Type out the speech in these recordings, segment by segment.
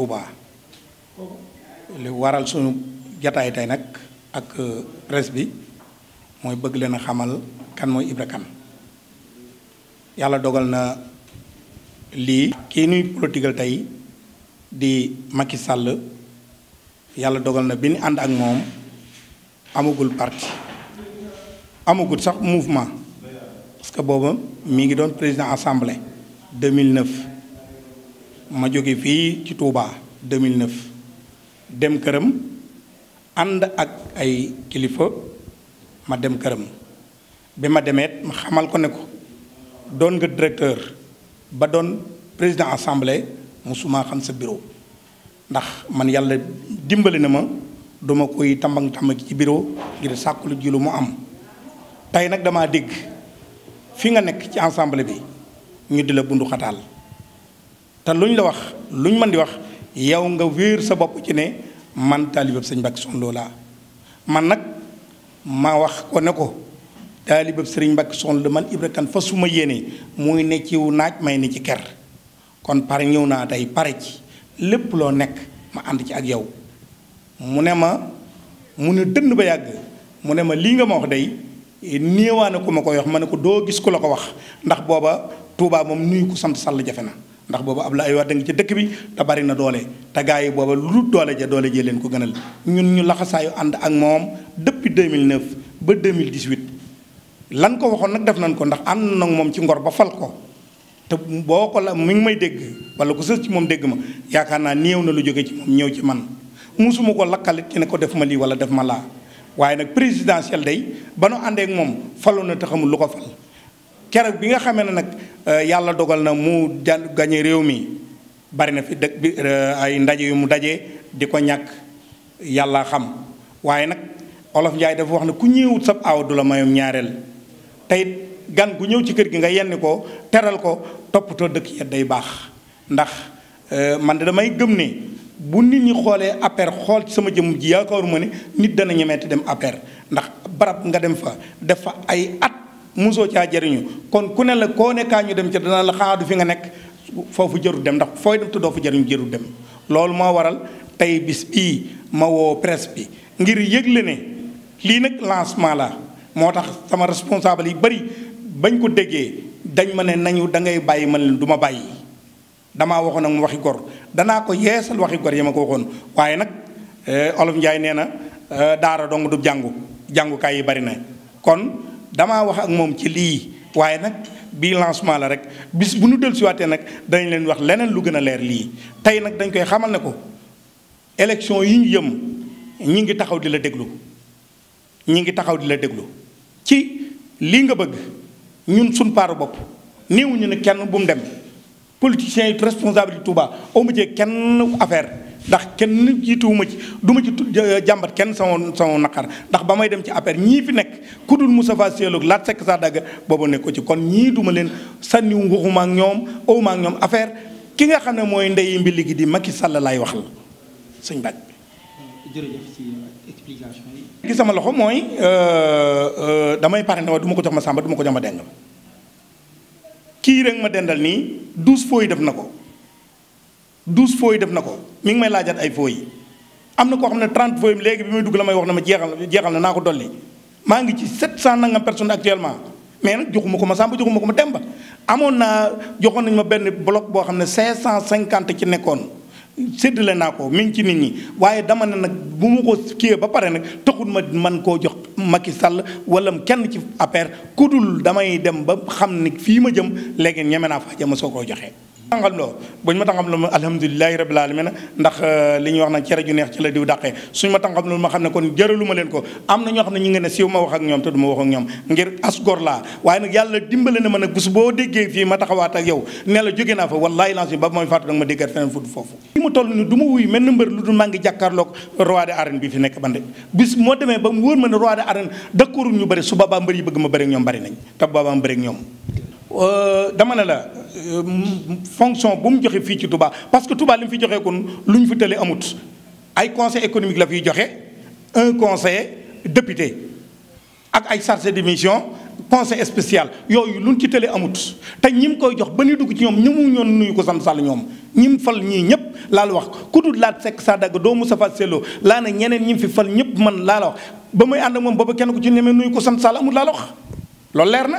Touba li waral suñu jataay tey nag ak euh, presse bi mooy bëgg leen xamal kan mooy Ibra Kane yàlla dogal na lii kii nuy politikal tey di Macky Sall yàlla dogal na bi ñu ànd ak moom amagul parti amagul sax mouvement parce que booba mi ngi doon président assemblée 2009 ma jóge fii ci Touba 2009 dem këram ànd ak ay kilifa ma dem këram bi ma demeet ma xamal ko ne ko doon nga directeur ba doon président assemblée musuma xam sa bureau ndax man yàlla dimbali na ma duma koy tambang tambang ci bureau ngir sàkkulu ji lu mu am tey nag damaa dégg fi nga nekk ci assemblée bi ñu di la bunduxataal te lu ñu la wax luñ mën di wax yow nga wéer sa bopp ci ne man taalibab sëñ Mbàkke son Lo man nag ma wax ko ne ko taalibab sëriñ Mbàkke son Lo man Ibra Kane fa suma yéenee muy ne ci naaj may ne ci ker kon pare ñëw naa tey pare ci lépp loo nekk ma ànd ci ak yow mu ne ma mu ne dënn ba yàgg mu ne ma lii nga ma wax day néewaane ko ma ko wax ma ne ko doo gis ku la ko wax ndax booba Tuubaa moom nuyu ko sant sàll jafe na ndax boobu Abdoulaye Wade nga ci dëkk bi te bari na doole te gars yi booba lu doole ja doole jee leen ko gënal ñun ñu laxasaayu ànd ak moom depuis 2009 ba mille 2018 lan ko waxoon nag def nañ ko ndax ànd nag moom ci ngor ba fal ko te boo ko la mi ngi may dégg wala ko sës ci moom dégg ma yaakaar naa néew na lu jóge ci moom ñëw ci man musuma ko lakkalit ci ne ko def ma lii wala def ma laa waaye nag présidentiel day ba nu àndeek moom falu na te xamul ko fal keroog bi nga xamee ne nag euh, yàlla dogal na mu ja gañe réew mi bari na fi dëkk bi euh, ay ndaje yu mu daje di ko ñàkk yàlla xam waaye nag olof Njaay dafa wax ne ku ñëwut sab aaw du la mayum ñaareel tey gan gu ñëw ci kër gi nga yenni ko teral ko toppatoo dëkk ya day baax ndax euh, man da damay gëm ne bu nit ñi xoolee APR xool ci sama jëm ji yaakaaruma ne nit dana ñemeeti dem APR ndax barab nga dem fa def ay at Muso caa jariñu kon ku ne la ne ka ñu dem ci dana la xaadu fi nga nek fofu jëru dem ndax foy dem tuddo fu jariñu jëru dem lool mo waral tay bis bi ma wo presse bi ngir yegle ne li nak lancement la motax sama responsable yi bari bañ ko déggee dañ mané nañu da ngay bayyi man leen du ma bàyyi damaa ak waxi gor dana ko yeesal waxi gor ya ko waxon waye nak euh olof ndjay neena na eh, daara dong du jangu kay yi bari na kon damaa wax ak moom ci lii waaye nag bii lancement la rek bis bu nu dellu siwaatee nag danañ leen wax leneen lu gën a leer lii tey nag dañ koy xamal ne ko élection yi ñu jëm ñi ngi taxaw di la déglu ñi ngi taxaw di la déglu ci lii nga bëgg ñun suñ paaru bopp néewuñu ne kenn bu mu dem politiciens yi responsable yi Touba amu ci kenn affaire ndax kenn jiituwuma ci du ma ci jàmbat kenn sama sama naqar ndax ba may dem ci APR ñii fi nekk ku dul Moustapha Cissé Lo Lat Seck Sadaga booba nekk ko ci kon ñii duma leen sànni waxuma ak ñoom awuma ak ñoom affaire ki nga xam ne mooy ndey mbili gi di mag i Sall laay wax la suñ baaj bi sama loxo mooy euh, euh, damay pare ne du ma ko jox ma sàmba duma ko dem a deng kii rek ma dendal nii douze fois def na ko foo yi def na ko mi ngi may laajaat ay fooy yi am na koo xam ne trente fooy léegi bi muy dugg la may wax na ma jeexal jeexal na naa ko dolli maa ngi ci sept cent nangam personnes actuellement mais nag joxuma ko ma Samba joxuma ko ma Demba amoon naa joxoon nañu ma benn bloc boo xam ne cinq cent cinquante ci nekkoon séddale naa ko mi ngi ci nit ñi waaye dama ne nag bu ma ko kiiyee ba pare nag taxul ma man koo jox Macky Sall wala kenn ci affaire ku dul damay dem ba xam ni fii ma jëm léegi ñeme naa faa jëm ma soo koy joxee tàngal loo buñ ma tàngam loolu alhamdulilahi rabil alamina ndax euh, li ñuy wax nag cere ju neex ci la diw dàqee suñ ma tàngam loolu ma xam ne kon jëralu ma leen ko am na ñoo xam ne ñu ngi ne siiw ma wax ak ñoom te du ma wax ak ñoom ngir as laa waaye nag yàlla dimbale na ma nag bés boo déggee fii ma taxawaat ak yow ne la jóge naa fa wallahi lanc ba mooy fàttu danga ma déggat feneen fudd foofu li mu toll ni du ma wuyu mel na mbër lu dul maa ngi jàkkaarloog roi de fi nekk bande bis moo demee ba mu wóor ma ne roi ñu bëri su boobaa mbër yi bëgg ma bëri ñoom bëri nañ te boobaa mbëri ñoom Euh, dama ne la euh, fonction bu joxe fi ci Touba parce que Touba lim fi joxe kon luñ fi tëlee amut ay conseil économique la fi joxe un conseil député ak ay chargé de mission conseil spécial yooyu luñ ci télé amut ta ñim koy jox ba ñu dugg ci ñom ñëmu ñon nuyu ko sam sal ñom ñim fal ñi ñep laa la wax ku lat laat sekk sa dagg doo Moustapha selo la na ñeneen ñim fi fal ñep man laa la wax ba muy ànd ak moom booba kenn ku ci neme nuyu ko sam sal amut laa la wax loolu leer na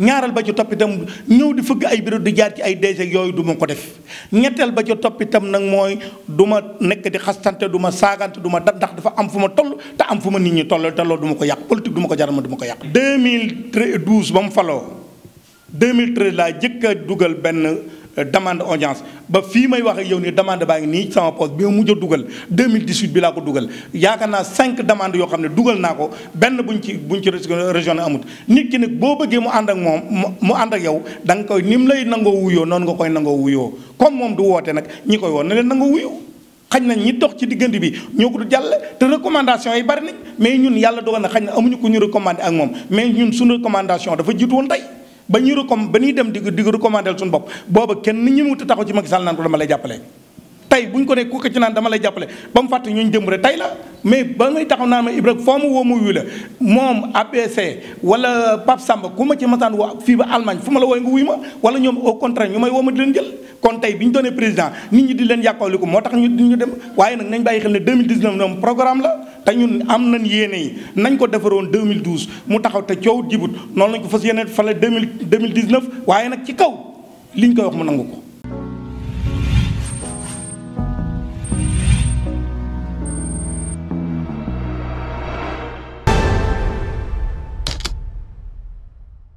ñaaral ba ci topp itam ñëw di fëgg ay bureau di jaar ci ay DG yooyu duma ko def ñetteel ba ci toppitam nag mooy du ma nekk di xastante du ma saagante duma ma ndax dafa am fu ma toll te am fu ma nit ñi toll te loolu du ko yàq politique du ma ko jaral ma du ko yàq. 2012 ba mu faloo 2013 laa jëkk a dugal benn. demande audience ba fii may wax ak yow nii demande baa ngi nii sama poste bi ma mujj a dugal 2018 bi laa ko dugal yaakaar naa cinq demandes yoo xam ne dugal naa ko benn buñ ci buñ ci région amut nit ki nag boo bëggee mu ànd ak moom mu ànd ak yow da nga koy ni mu lay nangoo wuyoo noonu nga koy nangoo wuyoo comme moom du wootee nag ñi koy woo ne leen nangoo wuyoo xañ na ñi dox ci diggante bi ñoo ko du jàll te recommandation yi bari nañ mais ñun yàlla dogal na xañ na amuñu ko ñu recommandé ak moom mais ñun suñu recommandation dafa jiitu woon ba ñu recomm ba ñuy dem di di recommandel suñu bopp booba kenn ñi mu taxaw ci Macky naan ko dama lay jàppale tey bu ñu ko ne ku ko ci naan dama lay jàppale ba mu fàtte ñooñu jëm rek tey la mais ba ngay taxaw naan ma Ibra foo ma woo ma wuyu ñi di leen yàqawliku moo tax ñu ñu dem waaye nag nañ bàyyi xel ne 2019 ñoom programme la te ñun am nañ yéene yi nañ ko defaroon 2012 mu taxaw te coow jibut noonu lañ ko fas yéene fale 2019 waaye nag ci kaw liñ ko wax mu nangu ko